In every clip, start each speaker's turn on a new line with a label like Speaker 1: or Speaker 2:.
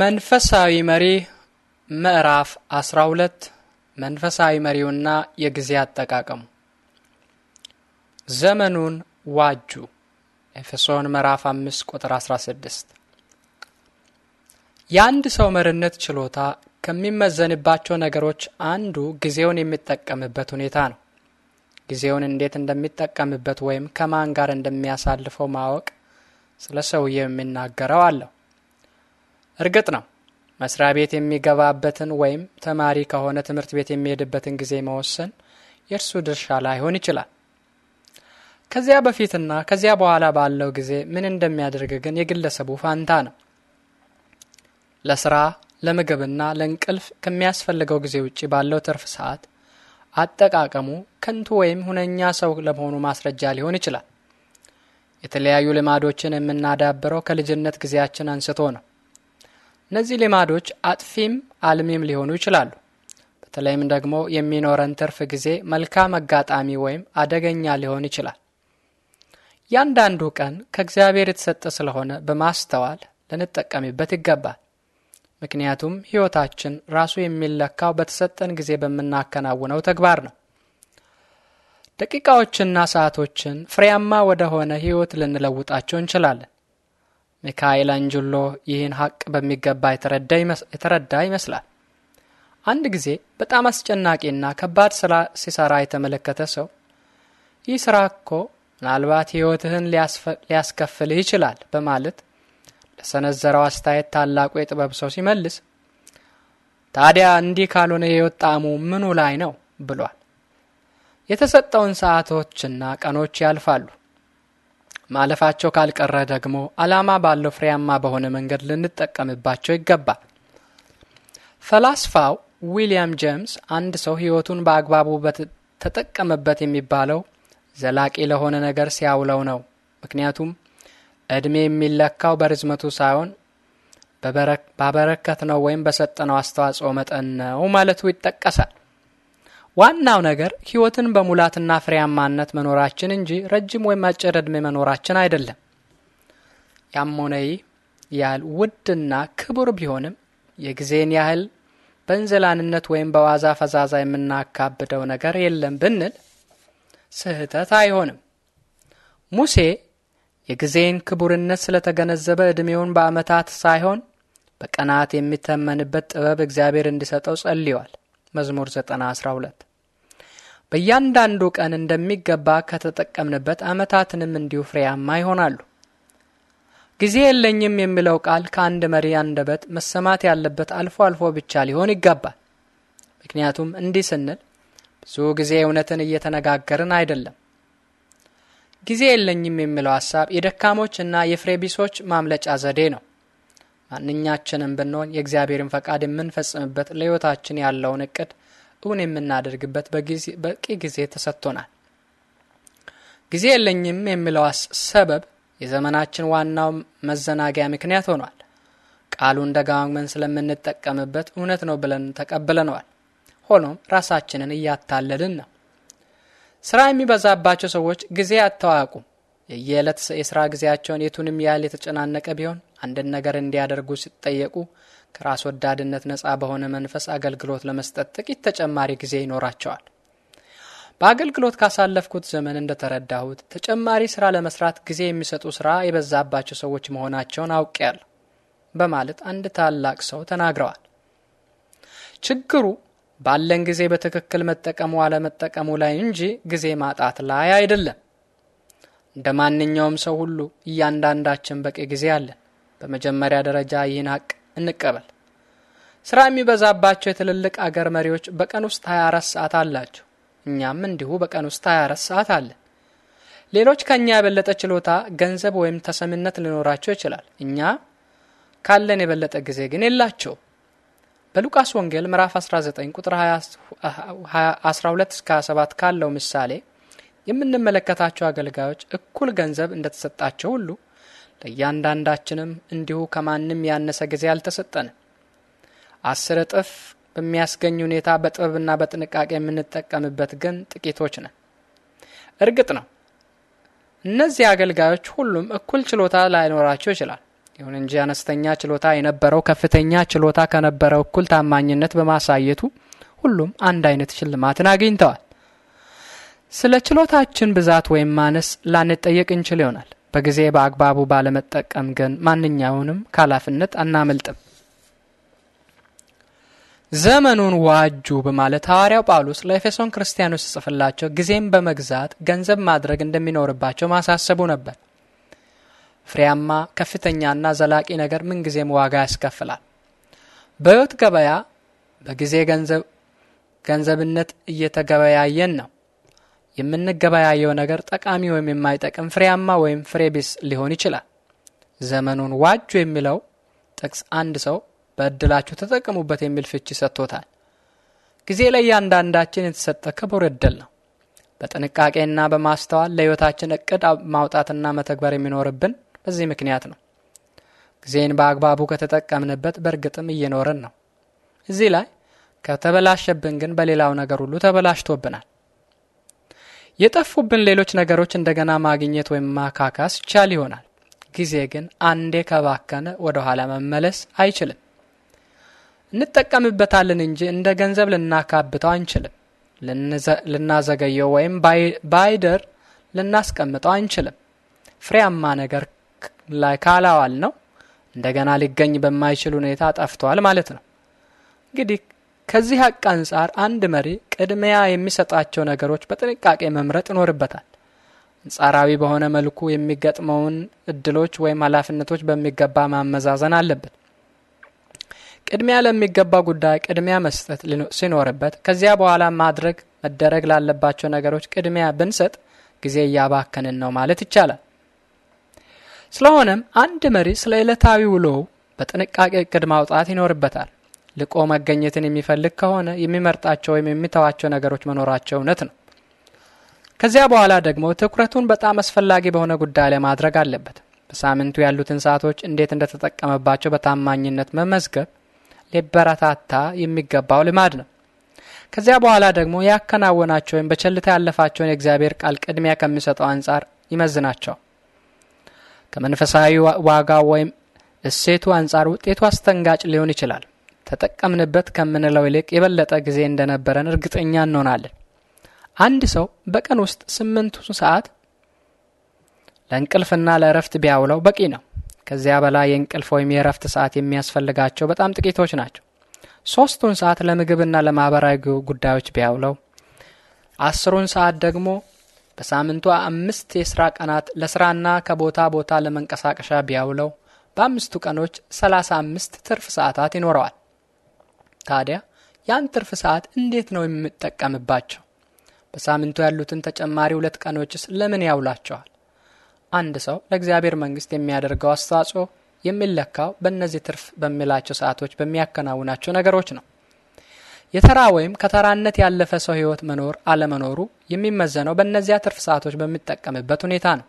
Speaker 1: መንፈሳዊ መሪ ምዕራፍ 12 መንፈሳዊ መሪውና የጊዜ አጠቃቀሙ ዘመኑን ዋጁ ኤፌሶን ምዕራፍ 5 ቁጥር 16 የአንድ ሰው መሪነት ችሎታ ከሚመዘንባቸው ነገሮች አንዱ ጊዜውን የሚጠቀምበት ሁኔታ ነው። ጊዜውን እንዴት እንደሚጠቀምበት ወይም ከማን ጋር እንደሚያሳልፈው ማወቅ ስለ ሰውየው የሚናገረው አለው። እርግጥ ነው መስሪያ ቤት የሚገባበትን ወይም ተማሪ ከሆነ ትምህርት ቤት የሚሄድበትን ጊዜ መወሰን የእርሱ ድርሻ ላይሆን ይችላል። ከዚያ በፊትና ከዚያ በኋላ ባለው ጊዜ ምን እንደሚያደርግ ግን የግለሰቡ ፋንታ ነው። ለስራ ለምግብና ለእንቅልፍ ከሚያስፈልገው ጊዜ ውጭ ባለው ትርፍ ሰዓት አጠቃቀሙ ከንቱ ወይም ሁነኛ ሰው ለመሆኑ ማስረጃ ሊሆን ይችላል። የተለያዩ ልማዶችን የምናዳብረው ከልጅነት ጊዜያችን አንስቶ ነው። እነዚህ ልማዶች አጥፊም አልሚም ሊሆኑ ይችላሉ። በተለይም ደግሞ የሚኖረን ትርፍ ጊዜ መልካም አጋጣሚ ወይም አደገኛ ሊሆን ይችላል። እያንዳንዱ ቀን ከእግዚአብሔር የተሰጠ ስለሆነ በማስተዋል ልንጠቀምበት ይገባል። ምክንያቱም ሕይወታችን ራሱ የሚለካው በተሰጠን ጊዜ በምናከናውነው ተግባር ነው። ደቂቃዎችና ሰዓቶችን ፍሬያማ ወደ ሆነ ሕይወት ልንለውጣቸው እንችላለን። ሚካኤል አንጅሎ ይህን ሀቅ በሚገባ የተረዳ ይመስላል። አንድ ጊዜ በጣም አስጨናቂና ከባድ ስራ ሲሰራ የተመለከተ ሰው ይህ ስራ እኮ ምናልባት ሕይወትህን ሊያስከፍልህ ይችላል በማለት ለሰነዘረው አስተያየት ታላቁ የጥበብ ሰው ሲመልስ ታዲያ እንዲህ ካልሆነ የሕይወት ጣዕሙ ምኑ ላይ ነው ብሏል። የተሰጠውን ሰዓቶችና ቀኖች ያልፋሉ። ማለፋቸው ካልቀረ ደግሞ ዓላማ ባለው ፍሬያማ በሆነ መንገድ ልንጠቀምባቸው ይገባል። ፈላስፋው ዊሊያም ጄምስ አንድ ሰው ሕይወቱን በአግባቡ ተጠቀመበት የሚባለው ዘላቂ ለሆነ ነገር ሲያውለው ነው። ምክንያቱም ዕድሜ የሚለካው በርዝመቱ ሳይሆን ባበረከት ነው ወይም በሰጠነው አስተዋጽኦ መጠን ነው ማለቱ ይጠቀሳል። ዋናው ነገር ሕይወትን በሙላትና ፍሬያማነት መኖራችን እንጂ ረጅም ወይም አጭር ዕድሜ መኖራችን አይደለም። ያም ሆነ ይህ ያህል ውድና ክቡር ቢሆንም የጊዜን ያህል በእንዝላልነት ወይም በዋዛ ፈዛዛ የምናካብደው ነገር የለም ብንል ስህተት አይሆንም። ሙሴ የጊዜን ክቡርነት ስለተገነዘበ ዕድሜውን በዓመታት ሳይሆን በቀናት የሚተመንበት ጥበብ እግዚአብሔር እንዲሰጠው ጸልዋል። መዝሙር 90 12 በእያንዳንዱ ቀን እንደሚገባ ከተጠቀምንበት ዓመታትንም እንዲሁ ፍሬያማ ይሆናሉ። ጊዜ የለኝም የሚለው ቃል ከአንድ መሪ አንደበት መሰማት ያለበት አልፎ አልፎ ብቻ ሊሆን ይገባል። ምክንያቱም እንዲህ ስንል ብዙ ጊዜ እውነትን እየተነጋገርን አይደለም። ጊዜ የለኝም የሚለው ሀሳብ የደካሞችና የፍሬቢሶች ማምለጫ ዘዴ ነው። ማንኛችንም ብንሆን የእግዚአብሔርን ፈቃድ የምንፈጽምበት ለሕይወታችን ያለውን እቅድ እውን የምናደርግበት በቂ ጊዜ ተሰጥቶናል። ጊዜ የለኝም የሚለው ሰበብ የዘመናችን ዋናው መዘናጊያ ምክንያት ሆኗል። ቃሉን ደጋግመን ስለምንጠቀምበት እውነት ነው ብለን ተቀብለነዋል። ሆኖም ራሳችንን እያታለልን ነው። ስራ የሚበዛባቸው ሰዎች ጊዜ አተዋቁም የየዕለት የሥራ ጊዜያቸውን የቱንም ያህል የተጨናነቀ ቢሆን አንድን ነገር እንዲያደርጉ ሲጠየቁ ከራስ ወዳድነት ነፃ በሆነ መንፈስ አገልግሎት ለመስጠት ጥቂት ተጨማሪ ጊዜ ይኖራቸዋል። በአገልግሎት ካሳለፍኩት ዘመን እንደተረዳሁት ተጨማሪ ሥራ ለመስራት ጊዜ የሚሰጡ ሥራ የበዛባቸው ሰዎች መሆናቸውን አውቄያለሁ በማለት አንድ ታላቅ ሰው ተናግረዋል። ችግሩ ባለን ጊዜ በትክክል መጠቀሙ አለመጠቀሙ ላይ እንጂ ጊዜ ማጣት ላይ አይደለም። እንደ ማንኛውም ሰው ሁሉ እያንዳንዳችን በቂ ጊዜ አለን። በመጀመሪያ ደረጃ ይህን ሀቅ እንቀበል። ስራ የሚበዛባቸው የትልልቅ አገር መሪዎች በቀን ውስጥ 24 ሰዓት አላቸው። እኛም እንዲሁ በቀን ውስጥ 24 ሰዓት አለን። ሌሎች ከእኛ የበለጠ ችሎታ፣ ገንዘብ ወይም ተሰሚነት ሊኖራቸው ይችላል። እኛ ካለን የበለጠ ጊዜ ግን የላቸው። በሉቃስ ወንጌል ምዕራፍ 19 ቁጥር 12 እስከ 27 ካለው ምሳሌ የምንመለከታቸው አገልጋዮች እኩል ገንዘብ እንደተሰጣቸው ሁሉ ለእያንዳንዳችንም እንዲሁ ከማንም ያነሰ ጊዜ አልተሰጠንም። አስር እጥፍ በሚያስገኝ ሁኔታ በጥበብና በጥንቃቄ የምንጠቀምበት ግን ጥቂቶች ነን። እርግጥ ነው እነዚህ አገልጋዮች ሁሉም እኩል ችሎታ ላይኖራቸው ይችላል። ይሁን እንጂ አነስተኛ ችሎታ የነበረው ከፍተኛ ችሎታ ከነበረው እኩል ታማኝነት በማሳየቱ ሁሉም አንድ አይነት ሽልማትን አግኝተዋል። ስለ ችሎታችን ብዛት ወይም ማነስ ላንጠየቅ እንችል ይሆናል። በጊዜ በአግባቡ ባለመጠቀም ግን ማንኛውንም ከኃላፊነት አናመልጥም። ዘመኑን ዋጁ በማለት ሐዋርያው ጳውሎስ ለኤፌሶን ክርስቲያኖች ሲጽፍላቸው ጊዜም በመግዛት ገንዘብ ማድረግ እንደሚኖርባቸው ማሳሰቡ ነበር። ፍሬያማ ከፍተኛና ዘላቂ ነገር ምንጊዜም ዋጋ ያስከፍላል። በሕይወት ገበያ በጊዜ ገንዘብ ገንዘብነት እየተገበያየን ነው። የምንገበያየው ነገር ጠቃሚ ወይም የማይጠቅም ፍሬያማ ወይም ፍሬ ቢስ ሊሆን ይችላል። ዘመኑን ዋጁ የሚለው ጥቅስ አንድ ሰው በእድላችሁ ተጠቀሙበት የሚል ፍቺ ሰጥቶታል። ጊዜ ለእያንዳንዳችን የተሰጠ ክቡር እድል ነው። በጥንቃቄና በማስተዋል ለሕይወታችን እቅድ ማውጣትና መተግበር የሚኖርብን በዚህ ምክንያት ነው። ጊዜን በአግባቡ ከተጠቀምንበት በእርግጥም እየኖርን ነው። እዚህ ላይ ከተበላሸብን ግን በሌላው ነገር ሁሉ ተበላሽቶብናል። የጠፉብን ሌሎች ነገሮች እንደገና ማግኘት ወይም ማካካስ ይቻል ይሆናል። ጊዜ ግን አንዴ ከባከነ ወደ ኋላ መመለስ አይችልም። እንጠቀምበታለን እንጂ እንደ ገንዘብ ልናካብተው አንችልም። ልናዘገየው ወይም ባይደር ልናስቀምጠው አንችልም። ፍሬያማ ነገር ላይ ካላዋል ነው እንደገና ሊገኝ በማይችል ሁኔታ ጠፍቷል ማለት ነው። እንግዲህ ከዚህ ሀቅ አንጻር አንድ መሪ ቅድሚያ የሚሰጣቸው ነገሮች በጥንቃቄ መምረጥ ይኖርበታል። አንጻራዊ በሆነ መልኩ የሚገጥመውን እድሎች ወይም ኃላፊነቶች በሚገባ ማመዛዘን አለበት። ቅድሚያ ለሚገባ ጉዳይ ቅድሚያ መስጠት ሲኖርበት፣ ከዚያ በኋላ ማድረግ መደረግ ላለባቸው ነገሮች ቅድሚያ ብንሰጥ ጊዜ እያባከንን ነው ማለት ይቻላል። ስለሆነም አንድ መሪ ስለ ዕለታዊ ውሎው በጥንቃቄ እቅድ ማውጣት ይኖርበታል። ልቆ መገኘትን የሚፈልግ ከሆነ የሚመርጣቸው ወይም የሚተዋቸው ነገሮች መኖራቸው እውነት ነው። ከዚያ በኋላ ደግሞ ትኩረቱን በጣም አስፈላጊ በሆነ ጉዳይ ላይ ማድረግ አለበት። በሳምንቱ ያሉትን ሰዓቶች እንዴት እንደተጠቀመባቸው በታማኝነት መመዝገብ ሊበረታታ የሚገባው ልማድ ነው። ከዚያ በኋላ ደግሞ ያከናወናቸው ወይም በቸልታ ያለፋቸውን የእግዚአብሔር ቃል ቅድሚያ ከሚሰጠው አንጻር ይመዝናቸው። ከመንፈሳዊ ዋጋው ወይም እሴቱ አንጻር ውጤቱ አስተንጋጭ ሊሆን ይችላል። ተጠቀምንበት ከምንለው ይልቅ የበለጠ ጊዜ እንደነበረን እርግጠኛ እንሆናለን። አንድ ሰው በቀን ውስጥ ስምንቱ ሰዓት ለእንቅልፍና ለእረፍት ቢያውለው በቂ ነው። ከዚያ በላይ የእንቅልፍ ወይም የእረፍት ሰዓት የሚያስፈልጋቸው በጣም ጥቂቶች ናቸው። ሶስቱን ሰዓት ለምግብና ለማህበራዊ ጉዳዮች ቢያውለው፣ አስሩን ሰዓት ደግሞ በሳምንቱ አምስት የስራ ቀናት ለስራና ከቦታ ቦታ ለመንቀሳቀሻ ቢያውለው በአምስቱ ቀኖች ሰላሳ አምስት ትርፍ ሰዓታት ይኖረዋል። ታዲያ ያን ትርፍ ሰዓት እንዴት ነው የምጠቀምባቸው? በሳምንቱ ያሉትን ተጨማሪ ሁለት ቀኖችስ ለምን ያውላቸዋል? አንድ ሰው ለእግዚአብሔር መንግስት የሚያደርገው አስተዋጽኦ የሚለካው በእነዚህ ትርፍ በሚላቸው ሰዓቶች በሚያከናውናቸው ነገሮች ነው። የተራ ወይም ከተራነት ያለፈ ሰው ህይወት መኖር አለመኖሩ የሚመዘነው በእነዚያ ትርፍ ሰዓቶች በሚጠቀምበት ሁኔታ ነው።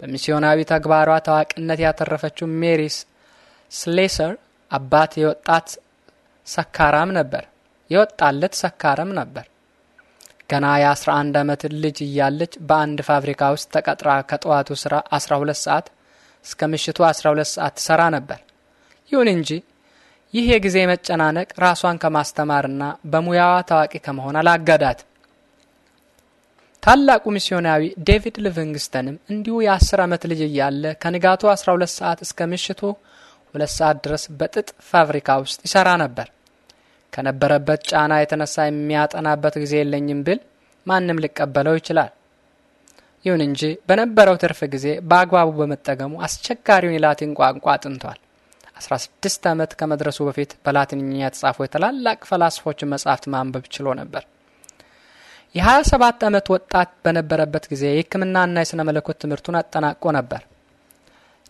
Speaker 1: በሚስዮናዊ ተግባሯ ታዋቂነት ያተረፈችው ሜሪስ ስሌሰር አባት የወጣት ሰካራም ነበር። የወጣለት ሰካራም ነበር። ገና የ11 ዓመት ልጅ እያለች በአንድ ፋብሪካ ውስጥ ተቀጥራ ከጠዋቱ ስራ 12 ሰዓት እስከ ምሽቱ 12 ሰዓት ትሰራ ነበር። ይሁን እንጂ ይህ የጊዜ መጨናነቅ ራሷን ከማስተማርና በሙያዋ ታዋቂ ከመሆን አላገዳት። ታላቁ ሚስዮናዊ ዴቪድ ሊቪንግስተንም እንዲሁ የ10 ዓመት ልጅ እያለ ከንጋቱ 12 ሰዓት እስከ ምሽቱ ሁለት ሰዓት ድረስ በጥጥ ፋብሪካ ውስጥ ይሰራ ነበር። ከነበረበት ጫና የተነሳ የሚያጠናበት ጊዜ የለኝም ብል ማንም ሊቀበለው ይችላል። ይሁን እንጂ በነበረው ትርፍ ጊዜ በአግባቡ በመጠቀሙ አስቸጋሪውን የላቲን ቋንቋ አጥንቷል። 16 ዓመት ከመድረሱ በፊት በላቲንኛ የተጻፉ የታላላቅ ፈላስፎችን መጻሕፍት ማንበብ ችሎ ነበር። የ27 ዓመት ወጣት በነበረበት ጊዜ የሕክምናና የሥነ መለኮት ትምህርቱን አጠናቆ ነበር።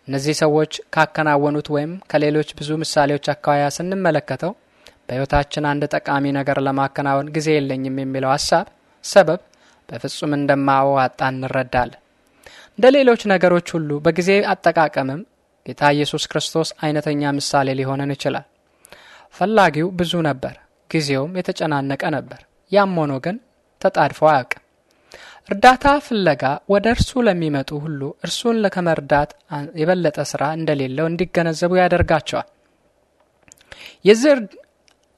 Speaker 1: እነዚህ ሰዎች ካከናወኑት ወይም ከሌሎች ብዙ ምሳሌዎች አኳያ ስንመለከተው በሕይወታችን አንድ ጠቃሚ ነገር ለማከናወን ጊዜ የለኝም የሚለው ሀሳብ ሰበብ በፍጹም እንደማዋጣ እንረዳለን። እንደ ሌሎች ነገሮች ሁሉ በጊዜ አጠቃቀምም ጌታ ኢየሱስ ክርስቶስ አይነተኛ ምሳሌ ሊሆነን ይችላል። ፈላጊው ብዙ ነበር፣ ጊዜውም የተጨናነቀ ነበር። ያም ሆኖ ግን ተጣድፎ አያውቅም። እርዳታ ፍለጋ ወደ እርሱ ለሚመጡ ሁሉ እርሱን ከመርዳት የበለጠ ስራ እንደሌለው እንዲገነዘቡ ያደርጋቸዋል። የዚህ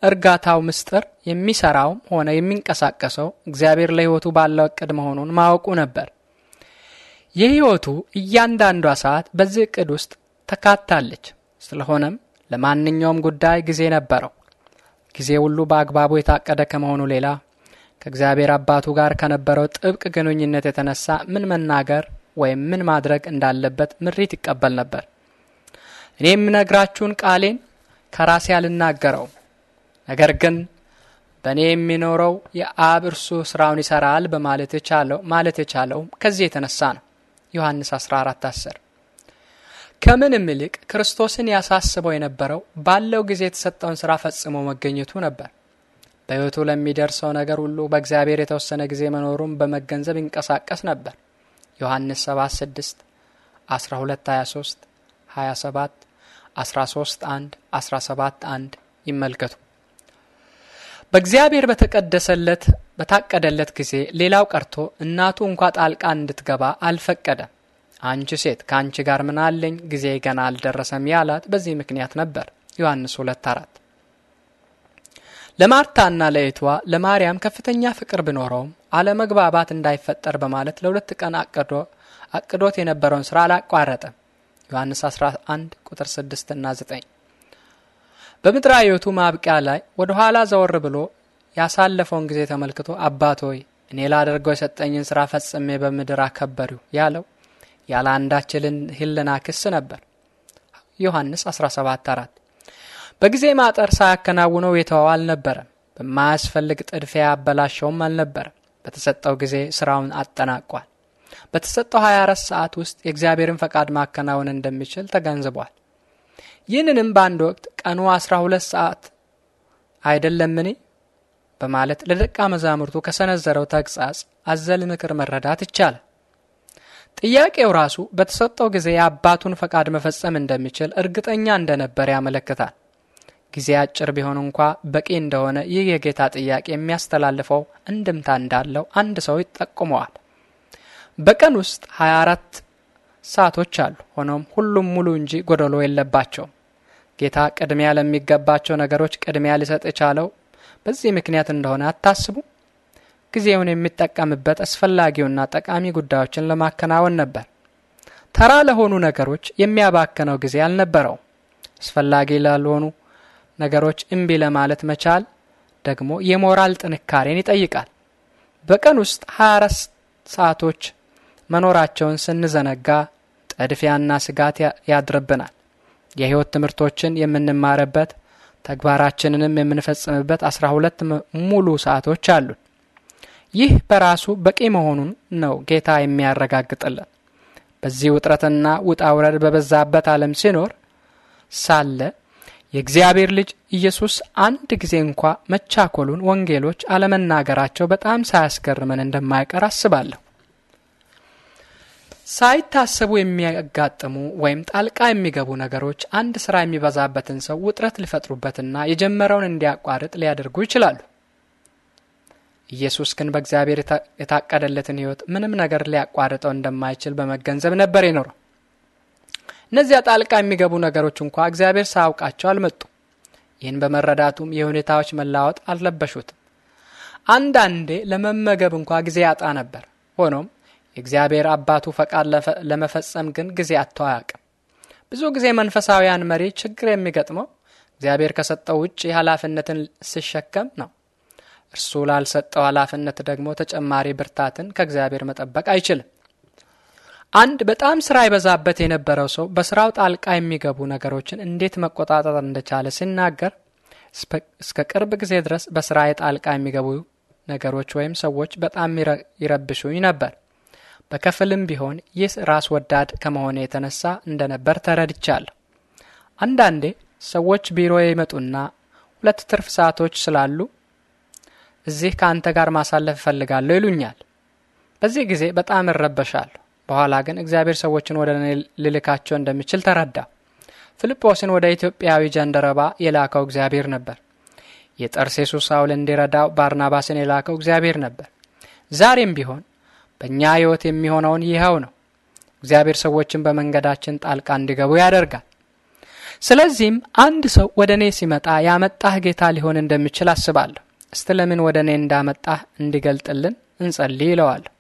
Speaker 1: እርጋታው ምስጢር የሚሰራውም ሆነ የሚንቀሳቀሰው እግዚአብሔር ለሕይወቱ ባለው እቅድ መሆኑን ማወቁ ነበር። የሕይወቱ እያንዳንዷ ሰዓት በዚህ እቅድ ውስጥ ተካታለች። ስለሆነም ለማንኛውም ጉዳይ ጊዜ ነበረው። ጊዜ ሁሉ በአግባቡ የታቀደ ከመሆኑ ሌላ ከእግዚአብሔር አባቱ ጋር ከነበረው ጥብቅ ግንኙነት የተነሳ ምን መናገር ወይም ምን ማድረግ እንዳለበት ምሪት ይቀበል ነበር። እኔ የምነግራችሁን ቃሌን ከራሴ አልናገረውም፣ ነገር ግን በእኔ የሚኖረው የአብ እርሱ ስራውን ይሰራል በማለት የቻለው ማለት የቻለውም ከዚህ የተነሳ ነው። ዮሐንስ 14 10 ከምንም ይልቅ ክርስቶስን ያሳስበው የነበረው ባለው ጊዜ የተሰጠውን ስራ ፈጽሞ መገኘቱ ነበር። በሕይወቱ ለሚደርሰው ነገር ሁሉ በእግዚአብሔር የተወሰነ ጊዜ መኖሩን በመገንዘብ ይንቀሳቀስ ነበር። ዮሐንስ 7 6 12 23 27 13 1 17 1 ይመልከቱ። በእግዚአብሔር በተቀደሰለት በታቀደለት ጊዜ ሌላው ቀርቶ እናቱ እንኳ ጣልቃ እንድትገባ አልፈቀደም። አንቺ ሴት ከአንቺ ጋር ምናለኝ ጊዜ ገና አልደረሰም ያላት በዚህ ምክንያት ነበር። ዮሐንስ 2 4 ለማርታና ለእህቷ ለማርያም ከፍተኛ ፍቅር ቢኖረውም አለመግባባት እንዳይፈጠር በማለት ለሁለት ቀን አቅዶት የነበረውን ስራ አላቋረጠም። ዮሐንስ 11 ቁጥር 6 እና 9። በምድራዊ ሕይወቱ ማብቂያ ላይ ወደ ኋላ ዘወር ብሎ ያሳለፈውን ጊዜ ተመልክቶ አባት ሆይ እኔ ላደርገው የሰጠኝን ስራ ፈጽሜ በምድር አከበሪው ያለው ያለ አንዳችልን ህልና ክስ ነበር። ዮሐንስ 17 4 በጊዜ ማጠር ሳያከናውነው የተወው አልነበረም። በማያስፈልግ ጥድፊያ ያበላሸውም አልነበረም። በተሰጠው ጊዜ ስራውን አጠናቋል። በተሰጠው 24 ሰዓት ውስጥ የእግዚአብሔርን ፈቃድ ማከናወን እንደሚችል ተገንዝቧል። ይህንንም በአንድ ወቅት ቀኑ 12 ሰዓት አይደለምን በማለት ለደቀ መዛሙርቱ ከሰነዘረው ተግጻጽ አዘል ምክር መረዳት ይቻላል። ጥያቄው ራሱ በተሰጠው ጊዜ የአባቱን ፈቃድ መፈጸም እንደሚችል እርግጠኛ እንደነበር ያመለክታል። ጊዜ አጭር ቢሆን እንኳ በቂ እንደሆነ ይህ የጌታ ጥያቄ የሚያስተላልፈው እንድምታ እንዳለው አንድ ሰው ይጠቁመዋል። በቀን ውስጥ 24 ሰዓቶች አሉ። ሆኖም ሁሉም ሙሉ እንጂ ጎደሎ የለባቸውም። ጌታ ቅድሚያ ለሚገባቸው ነገሮች ቅድሚያ ሊሰጥ የቻለው በዚህ ምክንያት እንደሆነ አታስቡ። ጊዜውን የሚጠቀምበት አስፈላጊውና ጠቃሚ ጉዳዮችን ለማከናወን ነበር። ተራ ለሆኑ ነገሮች የሚያባክነው ጊዜ አልነበረውም። አስፈላጊ ላልሆኑ ነገሮች እምቢ ለማለት መቻል ደግሞ የሞራል ጥንካሬን ይጠይቃል። በቀን ውስጥ 24 ሰዓቶች መኖራቸውን ስንዘነጋ ጠድፊያና ስጋት ያድርብናል። የህይወት ትምህርቶችን የምንማርበት ተግባራችንንም የምንፈጽምበት 12 ሙሉ ሰዓቶች አሉን። ይህ በራሱ በቂ መሆኑን ነው ጌታ የሚያረጋግጥልን። በዚህ ውጥረትና ውጣውረድ በበዛበት ዓለም ሲኖር ሳለ የእግዚአብሔር ልጅ ኢየሱስ አንድ ጊዜ እንኳ መቻኮሉን ወንጌሎች አለመናገራቸው በጣም ሳያስገርመን እንደማይቀር አስባለሁ። ሳይታሰቡ የሚያጋጥሙ ወይም ጣልቃ የሚገቡ ነገሮች አንድ ስራ የሚበዛበትን ሰው ውጥረት ሊፈጥሩበትና የጀመረውን እንዲያቋርጥ ሊያደርጉ ይችላሉ። ኢየሱስ ግን በእግዚአብሔር የታቀደለትን ሕይወት ምንም ነገር ሊያቋርጠው እንደማይችል በመገንዘብ ነበር የኖረው። እነዚያ ጣልቃ የሚገቡ ነገሮች እንኳ እግዚአብሔር ሳያውቃቸው አልመጡም። ይህን በመረዳቱም የሁኔታዎች መላወጥ አልለበሹትም። አንዳንዴ ለመመገብ እንኳ ጊዜ ያጣ ነበር። ሆኖም የእግዚአብሔር አባቱ ፈቃድ ለመፈጸም ግን ጊዜ አጥቶ አያውቅም። ብዙ ጊዜ መንፈሳዊያን መሪ ችግር የሚገጥመው እግዚአብሔር ከሰጠው ውጭ ኃላፊነትን ሲሸከም ነው። እርሱ ላልሰጠው ኃላፊነት ደግሞ ተጨማሪ ብርታትን ከእግዚአብሔር መጠበቅ አይችልም። አንድ በጣም ስራ ይበዛበት የነበረው ሰው በስራው ጣልቃ የሚገቡ ነገሮችን እንዴት መቆጣጠር እንደቻለ ሲናገር እስከ ቅርብ ጊዜ ድረስ በስራ ጣልቃ የሚገቡ ነገሮች ወይም ሰዎች በጣም ይረብሹኝ ነበር። በከፍልም ቢሆን ይህ ራስ ወዳድ ከመሆነ የተነሳ እንደነበር ተረድቻለሁ። አንዳንዴ ሰዎች ቢሮ ይመጡና ሁለት ትርፍ ሰዓቶች ስላሉ እዚህ ከአንተ ጋር ማሳለፍ እፈልጋለሁ ይሉኛል። በዚህ ጊዜ በጣም እረበሻለሁ። በኋላ ግን እግዚአብሔር ሰዎችን ወደ እኔ ልልካቸው እንደሚችል ተረዳ። ፊልጶስን ወደ ኢትዮጵያዊ ጀንደረባ የላከው እግዚአብሔር ነበር። የጠርሴሱ ሳውል እንዲረዳው ባርናባስን የላከው እግዚአብሔር ነበር። ዛሬም ቢሆን በእኛ ሕይወት የሚሆነውን ይኸው ነው። እግዚአብሔር ሰዎችን በመንገዳችን ጣልቃ እንዲገቡ ያደርጋል። ስለዚህም አንድ ሰው ወደ እኔ ሲመጣ ያመጣህ ጌታ ሊሆን እንደሚችል አስባለሁ። እስቲ ለምን ወደ እኔ እንዳመጣህ እንዲገልጥልን እንጸልይ ይለዋለሁ።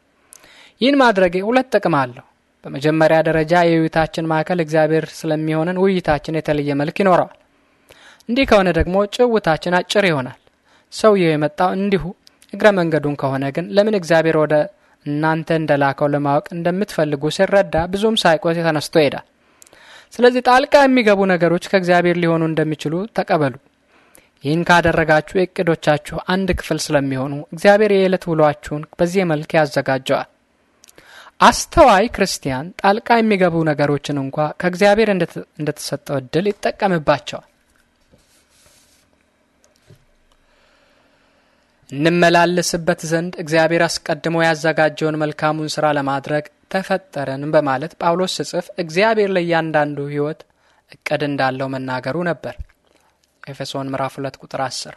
Speaker 1: ይህን ማድረጌ ሁለት ጥቅም አለው። በመጀመሪያ ደረጃ የውይይታችን ማዕከል እግዚአብሔር ስለሚሆንን ውይይታችን የተለየ መልክ ይኖረዋል። እንዲህ ከሆነ ደግሞ ጭውታችን አጭር ይሆናል። ሰውየው የመጣው እንዲሁ እግረ መንገዱን ከሆነ ግን ለምን እግዚአብሔር ወደ እናንተ እንደላከው ለማወቅ እንደምትፈልጉ ሲረዳ ብዙም ሳይቆይ ተነስቶ ይሄዳል። ስለዚህ ጣልቃ የሚገቡ ነገሮች ከእግዚአብሔር ሊሆኑ እንደሚችሉ ተቀበሉ። ይህን ካደረጋችሁ የእቅዶቻችሁ አንድ ክፍል ስለሚሆኑ እግዚአብሔር የዕለት ውሏችሁን በዚህ መልክ ያዘጋጀዋል። አስተዋይ ክርስቲያን ጣልቃ የሚገቡ ነገሮችን እንኳ ከእግዚአብሔር እንደተሰጠው እድል ይጠቀምባቸዋል። እንመላለስበት ዘንድ እግዚአብሔር አስቀድሞ ያዘጋጀውን መልካሙን ሥራ ለማድረግ ተፈጠረን በማለት ጳውሎስ ሲጽፍ እግዚአብሔር ለእያንዳንዱ ሕይወት እቅድ እንዳለው መናገሩ ነበር። ኤፌሶን ምዕራፍ 2 ቁጥር 10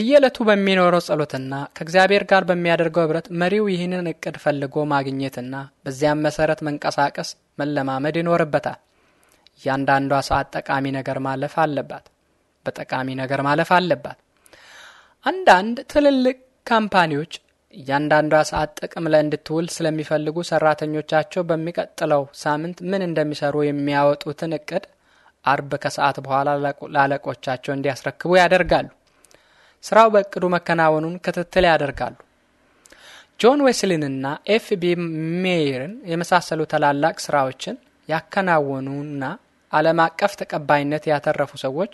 Speaker 1: በየዕለቱ በሚኖረው ጸሎትና ከእግዚአብሔር ጋር በሚያደርገው ኅብረት መሪው ይህንን እቅድ ፈልጎ ማግኘትና በዚያም መሠረት መንቀሳቀስ መለማመድ ይኖርበታል። እያንዳንዷ ሰዓት ጠቃሚ ነገር ማለፍ አለባት በጠቃሚ ነገር ማለፍ አለባት። አንዳንድ ትልልቅ ካምፓኒዎች እያንዳንዷ ሰዓት ጥቅም ላይ እንድትውል ስለሚፈልጉ ሰራተኞቻቸው በሚቀጥለው ሳምንት ምን እንደሚሰሩ የሚያወጡትን እቅድ አርብ ከሰዓት በኋላ ላለቆቻቸው እንዲያስረክቡ ያደርጋሉ። ስራው በእቅዱ መከናወኑን ክትትል ያደርጋሉ። ጆን ዌስሊንና ኤፍ ቢ ሜየርን የመሳሰሉ ታላላቅ ስራዎችን ያከናወኑና ዓለም አቀፍ ተቀባይነት ያተረፉ ሰዎች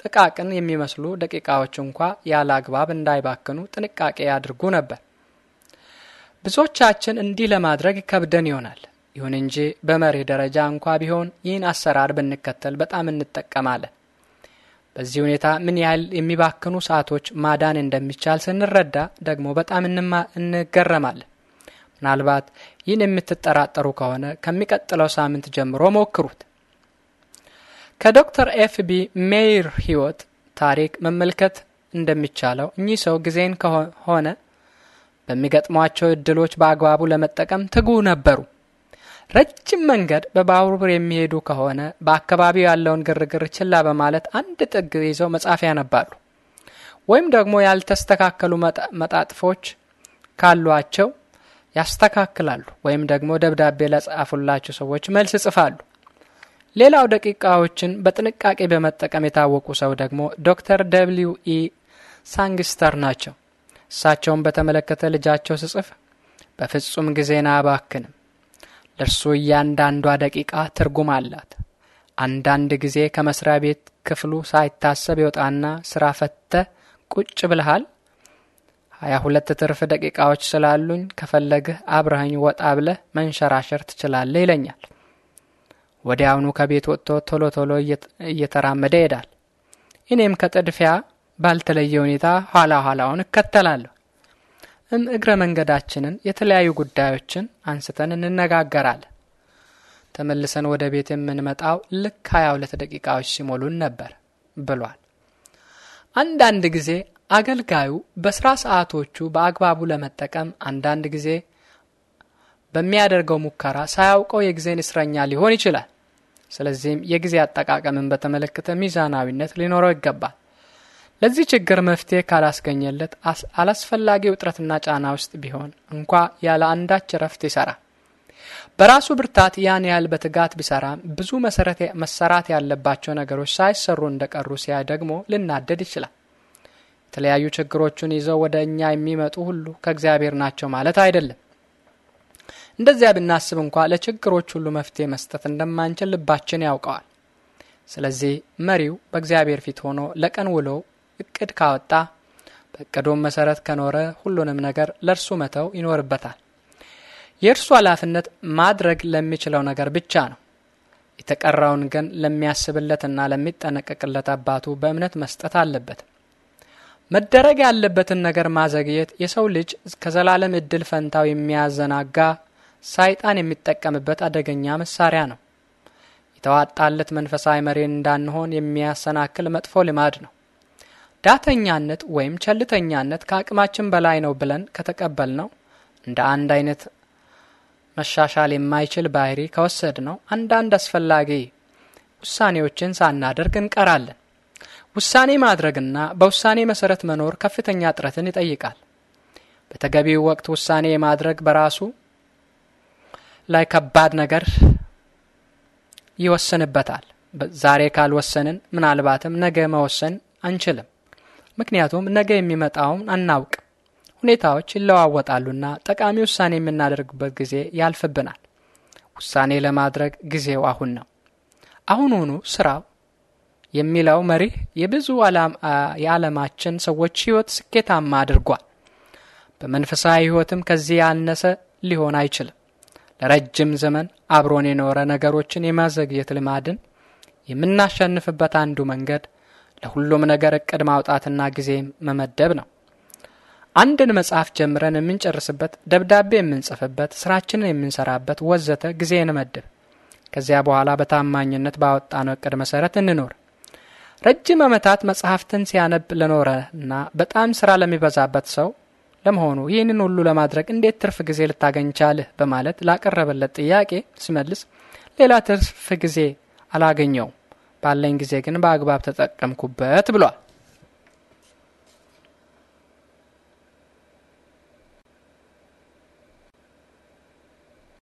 Speaker 1: ጥቃቅን የሚመስሉ ደቂቃዎች እንኳ ያለ አግባብ እንዳይባክኑ ጥንቃቄ ያድርጉ ነበር። ብዙዎቻችን እንዲህ ለማድረግ ከብደን ይሆናል። ይሁን እንጂ በመርህ ደረጃ እንኳ ቢሆን ይህን አሰራር ብንከተል በጣም እንጠቀማለን። በዚህ ሁኔታ ምን ያህል የሚባክኑ ሰዓቶች ማዳን እንደሚቻል ስንረዳ ደግሞ በጣም እንገረማለን። ምናልባት ይህን የምትጠራጠሩ ከሆነ ከሚቀጥለው ሳምንት ጀምሮ ሞክሩት። ከዶክተር ኤፍ ቢ ሜይር ህይወት ታሪክ መመልከት እንደሚቻለው እኚህ ሰው ጊዜን ከሆነ በሚገጥሟቸው እድሎች በአግባቡ ለመጠቀም ትጉ ነበሩ። ረጅም መንገድ በባቡር የሚሄዱ ከሆነ በአካባቢው ያለውን ግርግር ችላ በማለት አንድ ጥግ ይዘው መጽሐፍ ያነባሉ። ወይም ደግሞ ያልተስተካከሉ መጣጥፎች ካሏቸው ያስተካክላሉ። ወይም ደግሞ ደብዳቤ ለጻፉላቸው ሰዎች መልስ ይጽፋሉ። ሌላው ደቂቃዎችን በጥንቃቄ በመጠቀም የታወቁ ሰው ደግሞ ዶክተር ደብሊው ኢ ሳንግስተር ናቸው። እሳቸውን በተመለከተ ልጃቸው ስጽፍ በፍጹም ጊዜን አባክንም ለእርሱ እያንዳንዷ ደቂቃ ትርጉም አላት። አንዳንድ ጊዜ ከመስሪያ ቤት ክፍሉ ሳይታሰብ የወጣና ስራ ፈተ ቁጭ ብልሃል፣ ሀያ ሁለት ትርፍ ደቂቃዎች ስላሉኝ ከፈለግህ አብረኸኝ ወጣ ብለህ መንሸራሸር ትችላለህ ይለኛል። ወዲያውኑ ከቤት ወጥቶ ቶሎ ቶሎ እየተራመደ ይሄዳል። እኔም ከጥድፊያ ባልተለየ ሁኔታ ኋላ ኋላውን እከተላለሁ። እግረ መንገዳችንን የተለያዩ ጉዳዮችን አንስተን እንነጋገራለን። ተመልሰን ወደ ቤት የምንመጣው ልክ 22 ደቂቃዎች ሲሞሉን ነበር ብሏል። አንዳንድ ጊዜ አገልጋዩ በስራ ሰዓቶቹ በአግባቡ ለመጠቀም አንዳንድ ጊዜ በሚያደርገው ሙከራ ሳያውቀው የጊዜን እስረኛ ሊሆን ይችላል። ስለዚህም የጊዜ አጠቃቀምን በተመለከተ ሚዛናዊነት ሊኖረው ይገባል። ለዚህ ችግር መፍትሄ ካላስገኘለት አላስፈላጊ ውጥረትና ጫና ውስጥ ቢሆን እንኳ ያለ አንዳች እረፍት ይሰራል። በራሱ ብርታት ያን ያህል በትጋት ቢሰራም ብዙ መሰራት ያለባቸው ነገሮች ሳይሰሩ እንደቀሩ ሲያይ ደግሞ ልናደድ ይችላል። የተለያዩ ችግሮቹን ይዘው ወደ እኛ የሚመጡ ሁሉ ከእግዚአብሔር ናቸው ማለት አይደለም። እንደዚያ ብናስብ እንኳ ለችግሮች ሁሉ መፍትሄ መስጠት እንደማንችል ልባችን ያውቀዋል። ስለዚህ መሪው በእግዚአብሔር ፊት ሆኖ ለቀን ውሎው እቅድ ካወጣ በእቅዱም መሰረት ከኖረ ሁሉንም ነገር ለእርሱ መተው ይኖርበታል። የእርሱ ኃላፊነት ማድረግ ለሚችለው ነገር ብቻ ነው። የተቀራውን ግን ለሚያስብለትና ለሚጠነቀቅለት አባቱ በእምነት መስጠት አለበት። መደረግ ያለበትን ነገር ማዘግየት የሰው ልጅ ከዘላለም እድል ፈንታው የሚያዘናጋ ሰይጣን የሚጠቀምበት አደገኛ መሳሪያ ነው። የተዋጣለት መንፈሳዊ መሪ እንዳንሆን የሚያሰናክል መጥፎ ልማድ ነው። ዳተኛነት ወይም ቸልተኛነት ከአቅማችን በላይ ነው ብለን ከተቀበል ነው። እንደ አንድ አይነት መሻሻል የማይችል ባህሪ ከወሰድ ነው። አንዳንድ አስፈላጊ ውሳኔዎችን ሳናደርግ እንቀራለን። ውሳኔ ማድረግና በውሳኔ መሰረት መኖር ከፍተኛ ጥረትን ይጠይቃል። በተገቢው ወቅት ውሳኔ ማድረግ በራሱ ላይ ከባድ ነገር ይወስንበታል። ዛሬ ካልወሰንን ምናልባትም ነገ መወሰን አንችልም። ምክንያቱም ነገ የሚመጣውን አናውቅ። ሁኔታዎች ይለዋወጣሉና ጠቃሚ ውሳኔ የምናደርግበት ጊዜ ያልፍብናል። ውሳኔ ለማድረግ ጊዜው አሁን ነው። አሁኑኑ ስራው የሚለው መሪህ የብዙ የዓለማችን ሰዎች ህይወት ስኬታማ አድርጓል። በመንፈሳዊ ህይወትም ከዚህ ያነሰ ሊሆን አይችልም። ለረጅም ዘመን አብሮን የኖረ ነገሮችን የማዘግየት ልማድን የምናሸንፍበት አንዱ መንገድ ለሁሉም ነገር እቅድ ማውጣትና ጊዜ መመደብ ነው። አንድን መጽሐፍ ጀምረን የምንጨርስበት፣ ደብዳቤ የምንጽፍበት፣ ስራችንን የምንሰራበት ወዘተ ጊዜ እንመድብ። ከዚያ በኋላ በታማኝነት ባወጣነው እቅድ መሰረት እንኖር። ረጅም ዓመታት መጽሐፍትን ሲያነብ ለኖረና በጣም ስራ ለሚበዛበት ሰው ለመሆኑ ይህንን ሁሉ ለማድረግ እንዴት ትርፍ ጊዜ ልታገኝ ቻልህ? በማለት ላቀረበለት ጥያቄ ሲመልስ ሌላ ትርፍ ጊዜ አላገኘውም። ባለኝ ጊዜ ግን በአግባብ ተጠቀምኩበት ብሏል።